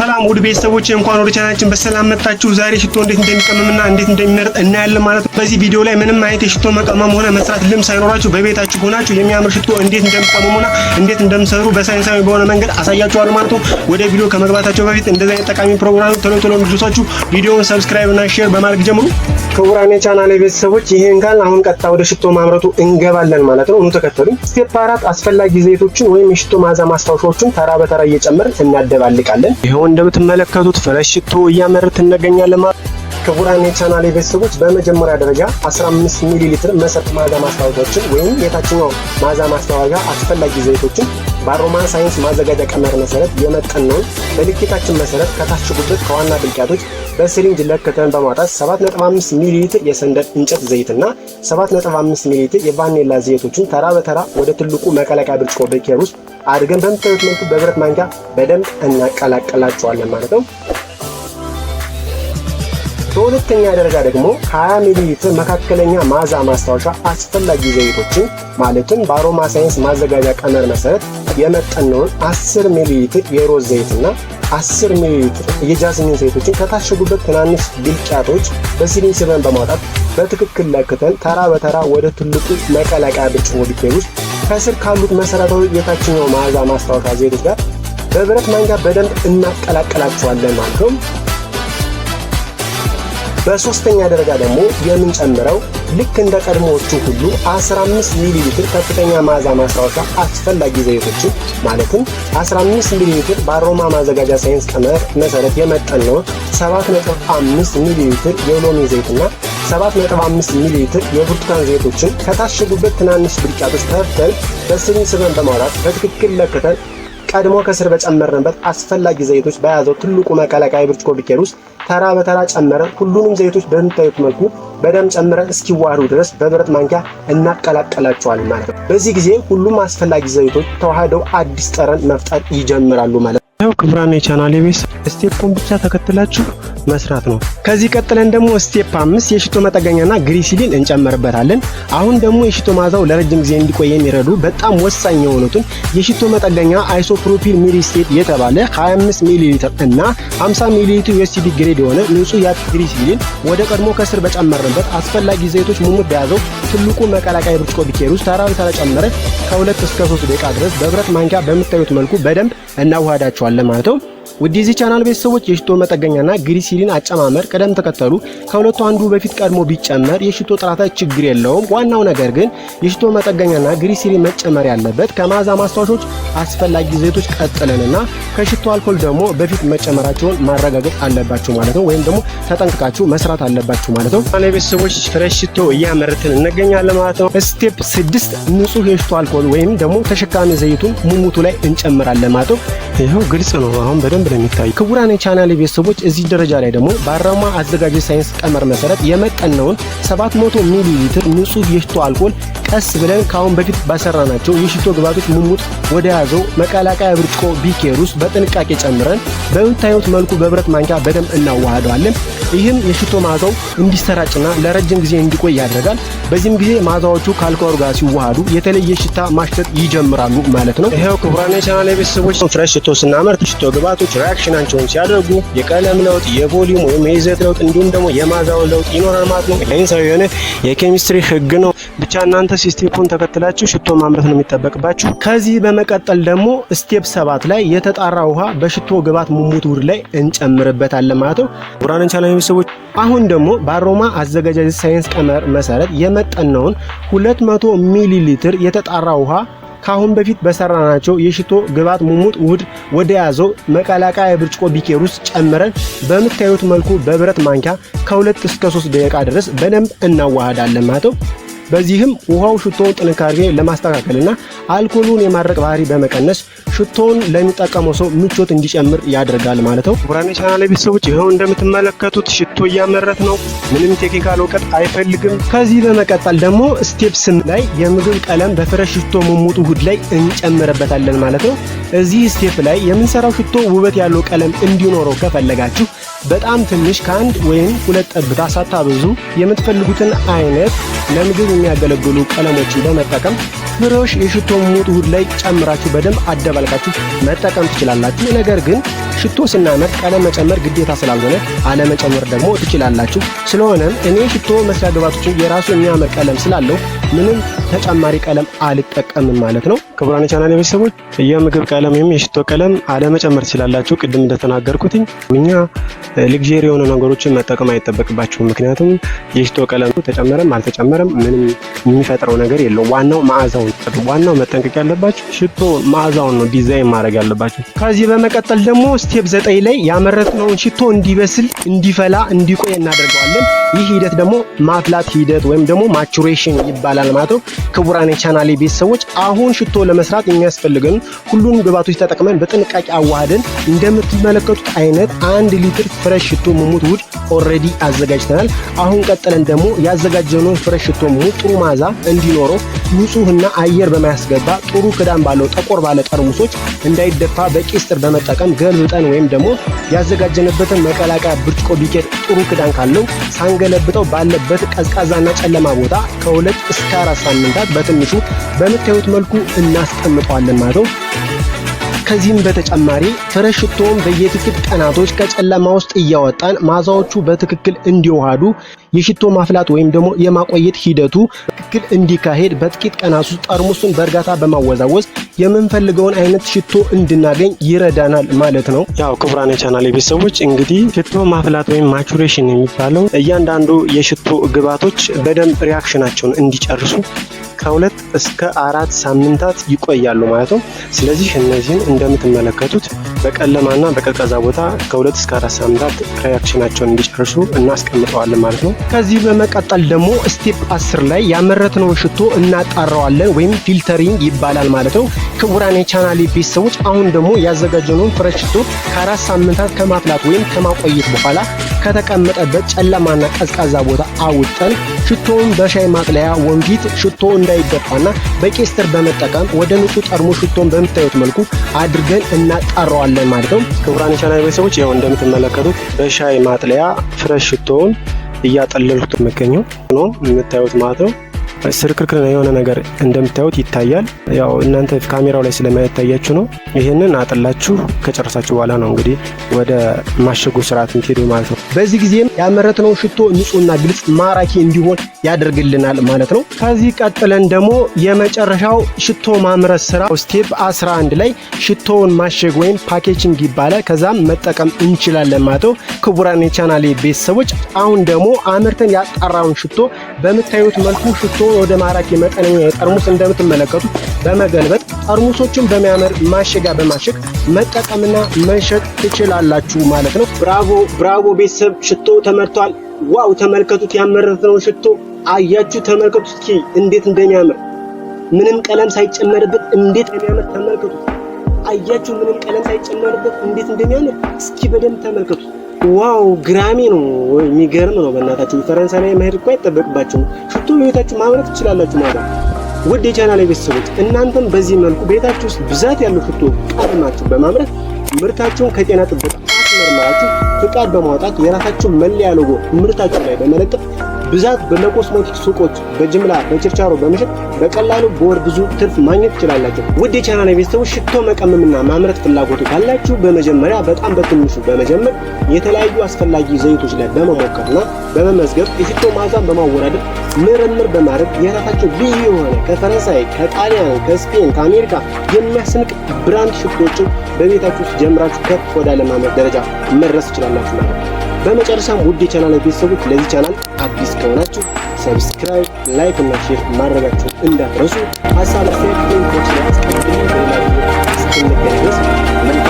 ሰላም ውድ ቤተሰቦች እንኳን ወደ ቻናችን በሰላም መጣችሁ። ዛሬ ሽቶ እንዴት እንደሚቀመምና እንዴት እንደሚመረጥ እናያለን ማለት ነው። በዚህ ቪዲዮ ላይ ምንም አይነት የሽቶ መቀመም ሆነ መስራት ልምድ ሳይኖራችሁ በቤታችሁ ሆናችሁ የሚያምር ሽቶ እንዴት እንደሚቀመሙና እንዴት እንደሚሰሩ በሳይንሳዊ በሆነ መንገድ አሳያችኋለሁ ማለት ነው። ወደ ቪዲዮ ከመግባታቸው በፊት እንደዚህ አይነት ጠቃሚ ፕሮግራም ቶሎ ቶሎ እንድደርሳችሁ ቪዲዮውን ሰብስክራይብ እና ሼር በማድረግ ጀምሩ። ክቡራን የቻናል ቤተሰቦች ይሄን ጋር አሁን ቀጥታ ወደ ሽቶ ማምረቱ እንገባለን ማለት ነው። ኑ ተከተሉኝ። ስቴፕ አራት አስፈላጊ ዘይቶችን ወይም የሽቶ መዓዛ ማስታወሻዎችን ተራ በተራ እየጨመርን እናደባልቃለን። እንደምትመለከቱት ፍረሽ ሽቶ እያመረት እንገኛለን ማለት ክቡራን የቻናል ቤተሰቦች በመጀመሪያ ደረጃ 15 ሚሊ ሊትር መሰረት ማዛ ማስታወቂያዎችን ወይም የታችኛው ማዛ ማስታወቂያ አስፈላጊ ዘይቶችን በአሮማን ሳይንስ ማዘጋጃ ቀመር መሰረት የመጠነውን በልኬታችን መሰረት ከታሸጉበት ከዋና ድልቂያቶች በስሪንጅ ለክተን በማውጣት 7.5 ሚሊ ሊትር የሰንደል እንጨት ዘይትና 7.5 ሚሊ ሊትር የቫኒላ ዘይቶችን ተራ በተራ ወደ ትልቁ መቀለቂያ ብርጭቆ ብኬር ውስጥ አድርገን በምታዩት መልኩ በብረት ማንኪያ በደንብ እናቀላቀላቸዋለን ማለት ነው። በሁለተኛ ደረጃ ደግሞ 20 ሚሊ ሊትር መካከለኛ ማዛ ማስታወሻ አስፈላጊ ዘይቶችን ማለትም በአሮማ ሳይንስ ማዘጋጃ ቀመር መሰረት የመጠነውን 10 ሚሊ ሊትር የሮዝ ዘይትና 10 ሚሊ ሊትር የጃስሚን ዘይቶችን ከታሸጉበት ትናንሽ ብልቃጦች በሲሊን ስበን በማውጣት በትክክል ለክተን ተራ በተራ ወደ ትልቁ መቀላቀያ ብርጭቆ ሊኬድ ውስጥ ከስር ካሉት መሰረታዊ የታችኛው መዓዛ ማስታወቂያ ዘይቶች ጋር በብረት ማንኪያ በደንብ እናቀላቀላቸዋለን ማለት ነው። በሶስተኛ ደረጃ ደግሞ የምንጨምረው ልክ እንደ ቀድሞዎቹ ሁሉ 15 ሚሊ ሊትር ከፍተኛ መዓዛ ማስታወሻ አስፈላጊ ዘይቶችን ማለትም 15 ሚሊ ሊትር በአሮማ ማዘጋጃ ሳይንስ ቀመር መሰረት የመጠነውን 7.5 ሚሊ ሊትር የሎሚ ዘይትና 7.5 ሚሊ ሊትር የብርቱካን ዘይቶችን ከታሸጉበት ትናንሽ ብልቃጦች ተርተን በስኒ ስበን በማውራት በትክክል ለክተን ቀድሞ ከስር በጨመርንበት አስፈላጊ ዘይቶች በያዘው ትልቁ መቀላቀያ ብርጭቆ ቢኬር ውስጥ ተራ በተራ ጨመረን። ሁሉንም ዘይቶች በምታዩት መልኩ በደንብ ጨምረን እስኪዋህዱ ድረስ በብረት ማንኪያ እናቀላቀላቸዋለን ማለት ነው። በዚህ ጊዜ ሁሉም አስፈላጊ ዘይቶች ተዋህደው አዲስ ጠረን መፍጠር ይጀምራሉ ማለት ነው። ክቡራን የቻናል ቤስ ስቴፑን ብቻ ተከትላችሁ መስራት ነው። ከዚህ ቀጥለን ደግሞ ስቴፕ አምስት የሽቶ መጠገኛና ግሪሲሊን እንጨምርበታለን። አሁን ደግሞ የሽቶ ማዛው ለረጅም ጊዜ እንዲቆይ የሚረዱ በጣም ወሳኝ የሆኑትን የሽቶ መጠገኛ አይሶፕሮፒል ሚሪስቴት የተባለ 25 ሚሊ ሊትር እና 50 ሚሊ ሊትር ዩኤስዲ ግሬድ የሆነ ንጹህ ያት ግሪሲሊን ወደ ቀድሞ ከስር በጨመርንበት አስፈላጊ ዘይቶች ሙሙ በያዘው ትልቁ መቀላቀያ ብርጭቆ ቢኬር ውስጥ ተራውን ስለጨመረ ከሁለት እስከ ሶስት ደቂቃ ድረስ በብረት ማንኪያ በምታዩት መልኩ በደንብ እናዋሃዳቸዋለን። ማለት ነው። ውድ የዚህ ቻናል ቤተሰቦች የሽቶ መጠገኛና ግሪሲሊን አጨማመር ቅደም ተከተሉ ከሁለቱ አንዱ በፊት ቀድሞ ቢጨመር የሽቶ ጥራታይ ችግር የለውም። ዋናው ነገር ግን የሽቶ መጠገኛና ግሪሲሊን መጨመር ያለበት ከመዓዛ ማስታወሾች አስፈላጊ ዘይቶች ቀጥለንና ከሽቶ አልኮል ደግሞ በፊት መጨመራቸውን ማረጋገጥ አለባችሁ ማለት ነው። ወይም ደግሞ ተጠንቅቃችሁ መስራት አለባችሁ ማለት ነው። ቻናል ቤተሰቦች ፍሬሽ ሽቶ እያመረትን እንገኛለን ማለት ነው። ስቴፕ ስድስት ንጹህ የሽቶ አልኮል ወይም ደግሞ ተሸካሚ ዘይቱን ሙሙቱ ላይ እንጨምራለን ማለት ነው። ይኸው ግልጽ ነው አሁን በደንብ ነው የሚታዩ። ክቡራን የቻናል ቤተሰቦች እዚህ ደረጃ ላይ ደግሞ በአራማ አዘጋጅ ሳይንስ ቀመር መሰረት የመጠነውን 700 ሚሊ ሊትር ንጹህ የሽቶ አልኮል ቀስ ብለን ከአሁን በፊት ባሰራናቸው የሽቶ ግብዓቶች ሙሙጥ ወደ ያዘው መቀላቀያ ብርጭቆ ቢኬር ውስጥ በጥንቃቄ ጨምረን በምታዩት መልኩ በብረት ማንኪያ በደንብ እናዋህደዋለን። ይህም የሽቶ ማዛው እንዲሰራጭና ለረጅም ጊዜ እንዲቆይ ያደርጋል። በዚህም ጊዜ ማዛዎቹ ከአልኮሉ ጋር ሲዋሃዱ የተለየ ሽታ ማሽተት ይጀምራሉ ማለት ነው። ይኸው ክቡራን የቻናል ቤተሰቦች ፍሬሽ ሽቶ ስናመርት ሽቶ ግብዓቶች ሪአክሽናቸውን ሲያደርጉ የቀለም ለውጥ፣ የቮሊዩም ወይም የይዘት ለውጥ እንዲሁም ደግሞ የማዛው ለውጥ ይኖራል ማለት ነው። ሰው የሆነ የኬሚስትሪ ህግ ነው። ብቻ እናንተ ሲስቴፑን ተከትላችሁ ሽቶ ማምረት ነው የሚጠበቅባችሁ። ከዚህ በመቀጠል ደግሞ ስቴፕ ሰባት ላይ የተጣራ ውሃ በሽቶ ግባት ሙሙት ውድ ላይ እንጨምርበታለን ማለት ነው። ቡራንን ቻላ ቤተሰቦች። አሁን ደግሞ በአሮማ አዘገጃጀት ሳይንስ ቀመር መሰረት የመጠነውን 200 ሚሊ ሊትር የተጣራ ውሃ ከአሁን በፊት በሰራናቸው የሽቶ ግብዓት ሙሙጥ ውህድ ወደ ያዘው መቀላቀያ የብርጭቆ ቢኬር ውስጥ ጨምረን በምታዩት መልኩ በብረት ማንኪያ ከሁለት እስከ 3 ደቂቃ ድረስ በደንብ እናዋሃዳለን ማለት ነው። በዚህም ውሃው ሽቶውን ጥንካሬ ለማስተካከልና አልኮሉን የማድረቅ ባህሪ በመቀነስ ሽቶውን ለሚጠቀመው ሰው ምቾት እንዲጨምር ያደርጋል ማለት ነው። ቡራኔ ቻናል ቤተሰቦች ይኸው እንደምትመለከቱት ሽቶ እያመረት ነው። ምንም ቴክኒካል እውቀት አይፈልግም። ከዚህ በመቀጠል ደግሞ ስቴፕስም ላይ የምግብ ቀለም በፍረሽ ሽቶ መሙጡ ሁድ ላይ እንጨምርበታለን ማለት ነው። እዚህ ስቴፕ ላይ የምንሰራው ሽቶ ውበት ያለው ቀለም እንዲኖረው ከፈለጋችሁ በጣም ትንሽ ከአንድ ወይም ሁለት ጠብታ ሳታበዙ የምትፈልጉትን አይነት ለምግብ የሚያገለግሉ ቀለሞችን በመጠቀም ፍሬዎች የሽቶ ሙጥ ውህድ ላይ ጨምራችሁ በደንብ አደባልቃችሁ መጠቀም ትችላላችሁ። ነገር ግን ሽቶ ስናመጥ ቀለም መጨመር ግዴታ ስላልሆነ አለመጨመር ደግሞ ትችላላችሁ። ስለሆነም እኔ ሽቶ መስሪያ ግባቶችን የራሱ የሚያምር ቀለም ስላለው ምንም ተጨማሪ ቀለም አልጠቀምም ማለት ነው። ክቡራን የቻናል ቤተሰቦች የምግብ ቀለም ወይም የሽቶ ቀለም አለመጨመር ትችላላችሁ። ቅድም እንደተናገርኩትኝ እኛ ልግዜር የሆነ ነገሮችን መጠቀም አይጠበቅባችሁም። ምክንያቱም የሽቶ ቀለም ተጨመረም አልተጨመረም ምንም የሚፈጥረው ነገር የለው። ዋናው መዓዛውን፣ ዋናው መጠንቀቅ ያለባችሁ ሽቶ መዓዛውን ነው ዲዛይን ማድረግ ያለባችሁ። ከዚህ በመቀጠል ደግሞ ስቴፕ ዘጠኝ ላይ ያመረትነውን ሽቶ እንዲበስል፣ እንዲፈላ፣ እንዲቆይ እናደርገዋለን። ይህ ሂደት ደግሞ ማፍላት ሂደት ወይም ደግሞ ማቹሬሽን ይባላል። ይቻላል ማለት ነው። ክቡራን የቻናሌ ቤተሰቦች አሁን ሽቶ ለመስራት የሚያስፈልገን ሁሉንም ግባቶች ተጠቅመን በጥንቃቄ አዋህደን እንደምትመለከቱት አይነት አንድ ሊትር ፍረሽ ሽቶ ሙሙት ውድ ኦልሬዲ አዘጋጅተናል። አሁን ቀጥለን ደግሞ ያዘጋጀነውን ፍረሽ ሽቶ ሙሙት ጥሩ መዓዛ እንዲኖረው ንጹህና አየር በማያስገባ ጥሩ ክዳን ባለው ጠቆር ባለ ጠርሙሶች እንዳይደፋ በቄስጥር በመጠቀም ገልብጠን ወይም ደግሞ ያዘጋጀንበትን መቀላቀያ ብርጭቆ ቢኬት ጥሩ ክዳን ካለው ሳንገለብጠው ባለበት ቀዝቃዛና ጨለማ ቦታ ከሁለት እስከ አራት ሳምንታት በትንሹ በምታዩት መልኩ እናስቀምጠዋለን ማለት ነው። ከዚህም በተጨማሪ ፍረሽ ሽቶን በየጥቂት ቀናቶች ከጨለማ ውስጥ እያወጣን ማዛዎቹ በትክክል እንዲዋሃዱ የሽቶ ማፍላት ወይም ደግሞ የማቆየት ሂደቱ ትክክል እንዲካሄድ በጥቂት ቀናት ውስጥ ጠርሙሱን በእርጋታ በማወዛወዝ የምንፈልገውን አይነት ሽቶ እንድናገኝ ይረዳናል ማለት ነው። ያው ክቡራን የቻናል ቤተሰቦች እንግዲህ ሽቶ ማፍላት ወይም ማቹሬሽን የሚባለው እያንዳንዱ የሽቶ ግባቶች በደንብ ሪያክሽናቸውን እንዲጨርሱ ከሁለት እስከ አራት ሳምንታት ይቆያሉ ማለት ነው። ስለዚህ እነዚህን እንደምትመለከቱት በቀለማና በቀዝቃዛ ቦታ ከሁለት እስከ አራት ሳምንታት ሪያክሽናቸውን እንዲጨርሱ እናስቀምጠዋለን ማለት ነው። ከዚህ በመቀጠል ደግሞ ስቴፕ አስር ላይ ያመረትነውን ሽቶ እናጣራዋለን ወይም ፊልተሪንግ ይባላል ማለት ነው። ክቡራን የቻናሌ ቤተሰቦች አሁን ደግሞ ያዘጋጀነውን ፍረሽ ሽቶ ከአራት ሳምንታት ከማፍላት ወይም ከማቆየት በኋላ ከተቀመጠበት ጨለማና ቀዝቃዛ ቦታ አውጠን ሽቶውን በሻይ ማቅለያ ወንፊት ሽቶ እንዳይደፋና በቄስተር በመጠቀም ወደ ንጹህ ጠርሙስ ሽቶን በምታዩት መልኩ አድርገን እናጣረዋለን ማለት ነው። ክቡራን የቻናል ቤተሰቦች ያው እንደምትመለከቱት በሻይ ማጥለያ ፍረሽ ሽቶውን እያጠለልኩት የምገኘው ነው የምታዩት ማለት ነው። ስርክርክር የሆነ ነገር እንደምታዩት ይታያል። ያው እናንተ ካሜራው ላይ ስለማይታያችሁ ነው። ይህንን አጥላችሁ ከጨረሳችሁ በኋላ ነው እንግዲህ ወደ ማሸጉ ስርዓት የምትሄዱ ማለት ነው። በዚህ ጊዜም ያመረትነው ሽቶ ንጹህና ግልጽ ማራኪ እንዲሆን ያደርግልናል ማለት ነው። ከዚህ ቀጥለን ደግሞ የመጨረሻው ሽቶ ማምረት ስራ ስቴፕ 11 ላይ ሽቶውን ማሸግ ወይም ፓኬጅንግ ይባላል። ከዛም መጠቀም እንችላለን ማለት ነው። ክቡራን የቻናሌ ቤተሰቦች አሁን ደግሞ አምርተን ያጣራውን ሽቶ በምታዩት መልኩ ሽቶ ወደ ማራኪ መጠነኛ የጠርሙስ እንደምትመለከቱት በመገልበጥ ጠርሙሶችን በሚያምር ማሸጋ በማሸግ መጠቀምና መሸጥ ትችላላችሁ ማለት ነው። ብራቮ ብራቮ ቤተሰብ ሽቶ ተመርቷል። ዋው ተመልከቱት፣ ነው ሽቶ አያችሁ፣ ተመልከቱት እስኪ እንዴት እንደሚያምር ምንም ቀለም ሳይጨመርበት እንዴት እንደሚያምር ተመልከቱት። አያችሁ፣ ምንም ቀለም ሳይጨመርበት እንዴት እንደሚያምር እስኪ በደንብ ተመልከቱት። ዋው ግራሚ ነው። የሚገርም ነው። በእናታችሁ ፈረንሳይ ላይ መሄድ እኮ አይጠበቅባችሁም። ሽቶ ቤታችሁ ማምረት ትችላላችሁ ማለት ውድ የቻናል ቤተሰቦች፣ እናንተም በዚህ መልኩ ቤታችሁ ውስጥ ብዛት ያለው ሽቶ ቀለማችሁ በማምረት ምርታችሁን ከጤና ጥበቃ አስመርምራችሁ ፍቃድ በማውጣት የራሳችሁ መለያ ሎጎ ምርታችሁ ላይ በመለጠፍ ብዛት በለኮስሞቲክ ሱቆች በጅምላ በችርቻሮ በመሸጥ በቀላሉ በወር ብዙ ትርፍ ማግኘት ትችላላችሁ። ውድ የቻናል ቤተሰቦች ሽቶ መቀመምና ማምረት ፍላጎቱ ካላችሁ በመጀመሪያ በጣም በትንሹ በመጀመር የተለያዩ አስፈላጊ ዘይቶች ላይ በመሞከርና በመመዝገብ የሽቶ መዓዛን በማወዳደር ምርምር በማድረግ የራሳቸው ልዩ የሆነ ከፈረንሳይ፣ ከጣሊያን፣ ከስፔን፣ ከአሜሪካ የሚያስንቅ ብራንድ ሽቶችን በቤታችሁ ውስጥ ጀምራችሁ ከፍ ወዳለ ማምረት ደረጃ መድረስ ትችላላችሁ ማለት ነው። በመጨረሻም ውድ የቻናል ቤተሰቦች ለዚህ ቻናል አዲስ ከሆናችሁ ሰብስክራይብ፣ ላይክ እና ሼር ማድረጋችሁ እንዳትረሱ። ሀሳብ ሴ ኮች ያስቀምጥ ሌላ እስክንገናኝ ድረስ መልካም